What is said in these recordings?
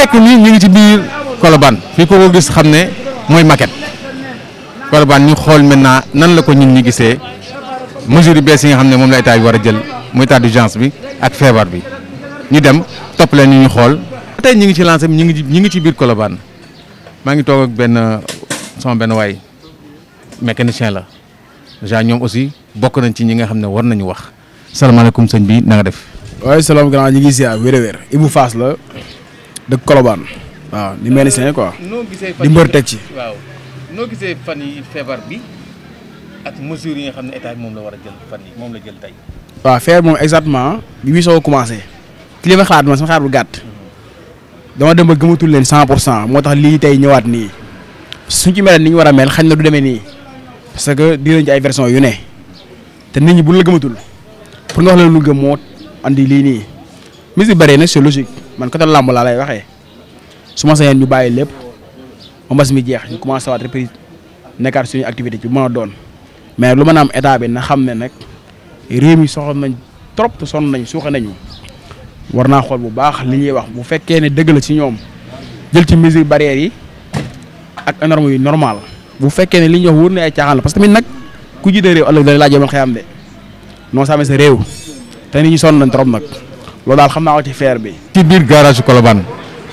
tekk nii ñu ngi ci biir Colobane fii ko ko gis xam ne mooy maquette Colobane ñu xool maintenant nan la ko ñun ñi gisee mesures yu bees yi nga xam ne moom la état bi war a jël muy état d'urgence bi ak feebar bi ñu dem topp leen ñu ñu xool. tey ñu ngi ci lancé bi ñu ngi ci ñu ngi ci biir Colobane maa ngi toog ak benn sama benn waay mécanicien la déjà ñoom aussi bokk nañ ci ñi nga xam ne war nañu wax. salaamaaleykum sëñ bi na def. waaye salaam grand ñu ngi ziar wér-wér Ibou Fass la. dëkk Colobane waaw di médecin quoi. Euh, di mbër teg ci. waaw noo feebar bi ak yi nga ne moom la war a jël fan moom la jël tey. waaw feebar moom exactement bi muy soog a commencé ci li ma xalaat man xalaat bu gàtt dama dem ba gëmatul leen cent pour cent moo tax lii tey ñëwaat nii suñ ci mel ni ñu war a mel xañ na du demee nii parce que di ci ay version yu ne te nit ñi buñ la gëmatul pour nga wax leen lu gëm moo andi lii nii mis bi nag c'est logique. man côté lamb la lay waxee suma ma sañoon ñu bàyyi lépp ba mbas mi jeex ñu commencé waat reprise nekkaat suñu activité ci mëna doon mais luma na am état bi na xamné nak réew mi soxal nañ trop son nañ suuxa nañu warna xol bu baax li ñuy wax bu féké né dëgg la ci ñom jël ci mesures barrière yi ak normes yu normal bu féké né li ñuy wax wóor ay caaxaan parce que min nak ku jiite réew ëllëg da laa jëmal xëy am non sàmm sa réew te ñi son nañ trop nak loolu daal xam naa ko ci feer bi. ci biir garage Colobane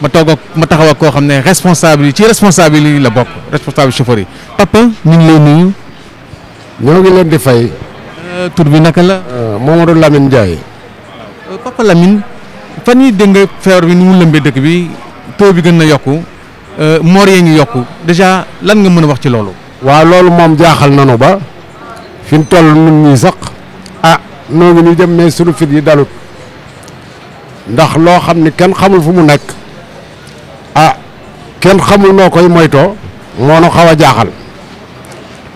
ma toog ma taxaw ak koo xam ne responsable yi ci responsable yi la bokk responsable chauffeur yi papa ñu ngi lay nuyu. ñoo ngi leen di fay. Euh, tur bi naka la. Euh, Mamadou Lamine Ndiaye. Euh, papa Lamine fan yi dégg nga feebar bi nu mu lëmbee dëkk bi taux bi gën na yokku moor yee ñu yokk dèjà lan nga mën a wax ci loolu. waa loolu moom jaaxal nanu ba fi mu toll nun ñii sax ah noo ngi ñu jëm sunu fit yi dalut. ndax lo xamni ni xamul fu mu ah ken xamul noo koy moytoo moo nu xaw a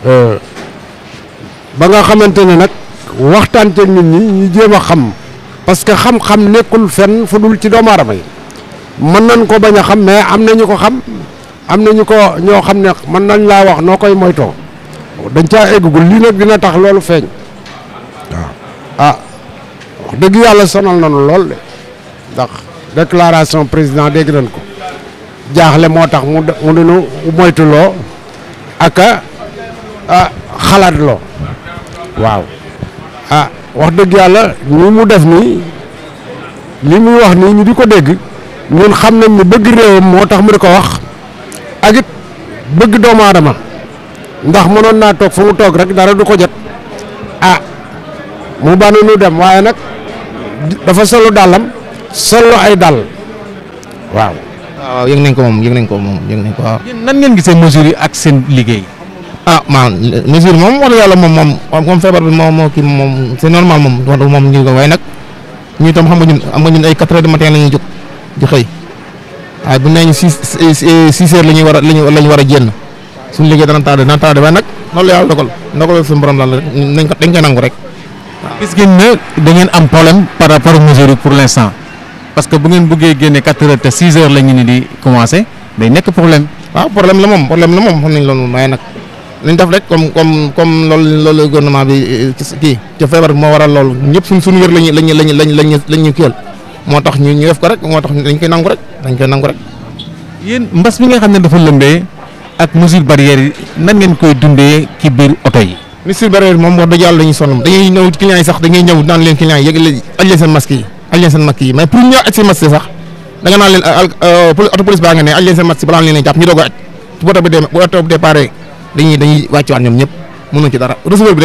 euh, ba nga xamantene nak waxtan te nit ñi ñu jema xam parce que xam-xam nekul fenn fu dul ci doom aadama man nañ ko baña xam mais am nañ ko xam am nañ ko ño xam ne nañ la wax noo koy dañ ca eggul li nak dina tax lolu feñ ah deug yalla sonal nañu lolu ndax déclaration président dégg nañ ko jaaxle moo tax mu mu dunu moytuloo ak a xalaat loo waaw a wax dëgg yàlla ni mu def nii li muy wax nii ñu di ko dégg ñun xam nañ ni bëgg réewam moo tax mu di ko wax ak it bëgg doomu aadama ndax noon naa toog fu mu toog rek dara du ko jot a mu bànn nu dem waaye nag dafa solo dàllam solo ay dal waaw. waaw yeng nañ ko mom yeng nañ ko mom yeng nañ ko waaw. nan ngeen gisee mesure yi ak seen liggey ah ma mesure mom wala yalla mom mom mom febar bi mom mo ki mom c'est normal mom do mom ñu ko way nak ñu tam xam nga ñun am nga ñun ay 4 h du matin lañu juk di xey ay bu nee 6 6 heures la ñuy lañu a la ñu suñu liggey dana tardé dana tardé way nak non la yalla dogal ndogal suñu borom la nañ ko dañ ko nangu rek. gis ngeen ne da ngeen am problème par rapport mesure pour l'instant. parce que bu ngeen bëggee génne 4 heures te 6 heures la ni di commencé day nekk problème. waaw problème la moom problème la moom xam nañ loolu waaye nag nañ euh, moo waral loolu ñëpp suñ suñu wér lañu lañu lañu lañu lañu ñu ñu def ko rek moo dañ koy nangu rek dañ koy nangu rek. nga xam ne dafa lëmbee ak mesure barrière yi nan ngeen koy dundee ci biir oto yi. mesure barrière moom wax dëgg yàlla dañuy sonn dañuy ñëw client yi sax dañuy ñëw naan leen client yi aj leen seen masque yi. aj leen euh, euh, auto police baa nga ne aj leen seen masque ci dara receveur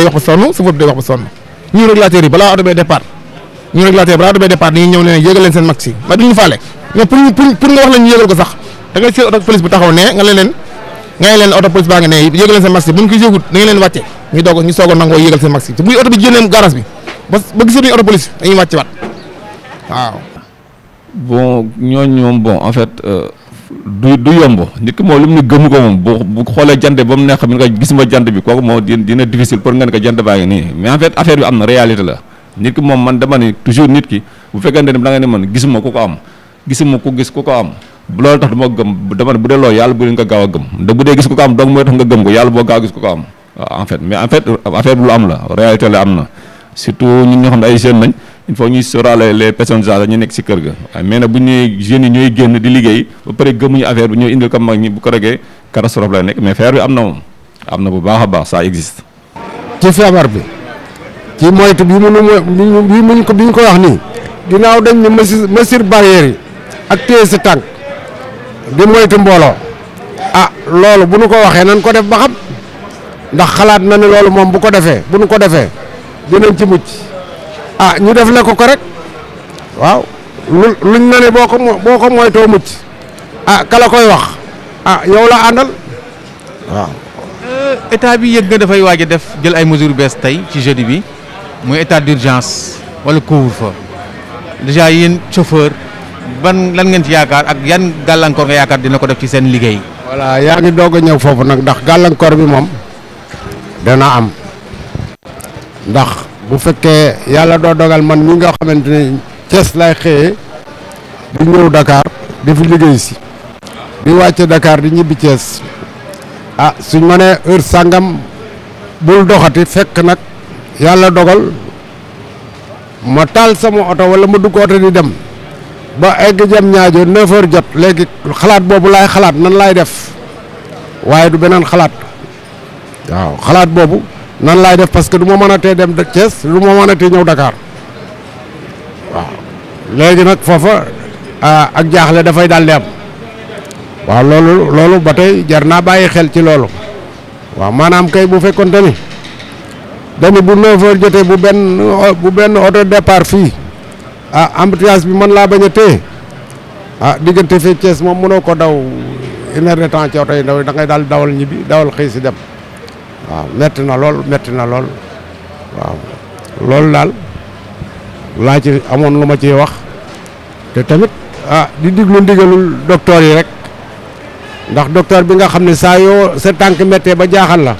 ñu faale mais police bi taxaw ne nga leen leen nga police baa nga ne yëgal leen seen masque yi bu ko yëgut da leen wàcce ñu doog ñu soog a nangoo yëgal seen masque yi bu oto bi génnee garage bi ba ba gisee police dañuy wàcce waat waaw. bon ñooñu moom bon en fait euh, du du yomb nit ki moom lu mu ne gëmu ko moom bu xoolee jant ba mu neex mi nga gis ma jant bi kooku moo dina difficile pour nga ko jant ngi nii mais en fait affaire bi am la nit ki moom man dama nit ki bu fekkente ne da nga ne man gisuma ku ko am gisuma ku gis ko ko am loolu tax dama gëm dama ne bu dee loolu yàlla bu leen ko gaaw a gëm da bu dee gis ku ko am donc mooy tax nga gëm ko yàlla boo gaaw gis ku ko am waaw en fait mais en fait affaire bi lu am la réalité la am na surtout ñun ñoo xam ne ay jeunes nañ. il faut ñuy sóoraale les personnes âgées ñu nekk si kër ga waaye mais bu ñuy jeunes yi ñooy génn di liggéey ba pare gëmuñu affaire bi ñooy indil ko mag bu ko regee catastrophe lay nekk mais feebar bi am am na bu baax a baax ça existe ci feebar bi ci moytu bi mu ko bi ñu wax nii ginnaaw dañ ne mesure mesure ak téye sa tànk di moytu mbooloo ah loolu bu nu ko waxee nan ko def ba ndax xalaat na ne loolu moom bu ko defee bu nu ko defee dinañ ci mucc a ah, ñu def la ko ko rek waaw luñ na ne boo ko boo ko moytoo mucc ah kala koy wax ah yow la àndal waaw. Euh, état bi yëg nga dafay waaj a def jël ay mesures bees tey ci jeudi bi muy état d'urgence wala couvre-feu déjà yéen chauffeur ban lan ngeen ci yaakaar ak yan gàllankoor nga yaakaar dina ko def ci seen liggéey. voilà yaa ngi doog a ñëw foofu nag ndax gàllankoor bi moom dana am ndax. bu fekkee yàlla doo dogal man mi nga xamante ni Thiès lay xëyee di ñëw Dakar di fi liggéey si di wàcce dakaar di ñibbi Thiès ah suñ ma nee heure sàngam bul doxati fekk nag yàlla dogal ma taal sama oto wala ma dugg oto di dem ba egg jam ñaajo neuf heures jot léegi xalaat boobu laay xalaat nan laay def waaye du beneen xalaat waaw xalaat boobu nan laay def parce que du ma mën a tee dem Thiès du ma mën a tee ñëw Dakar waaw léegi nag foofa ak jaaxle dafay daal di am waaw loolu loolu ba tey jar naa bàyyi xel ci loolu waaw maanaam kay bu fekkoon ni dañu bu 9 jotee bu benn bu benn auto départ fii ah embouteillage bi mën laa bañ a téye ah diggante fii cees moom mënoo ko daw une heure de temps ci oto yi da ngay daal dawal ñibbi dawal xëy si dem. waaw metti na lool metti na lool waaw loolu daal laa ci amoon lu ma ciy wax te tamit ah di diglu ndigalul docteur yi rek ndax docteur bi nga xam ne saa yoo sa tànk méttee ba jaaxal la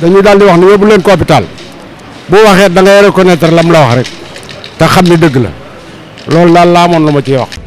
dañuy daal di wax ne yóbbu leen ko hôpital bu waxee da ngay reconnaître lam la wax rek te xam ne dëgg la loolu daal laa amoon lu ma ciy wax.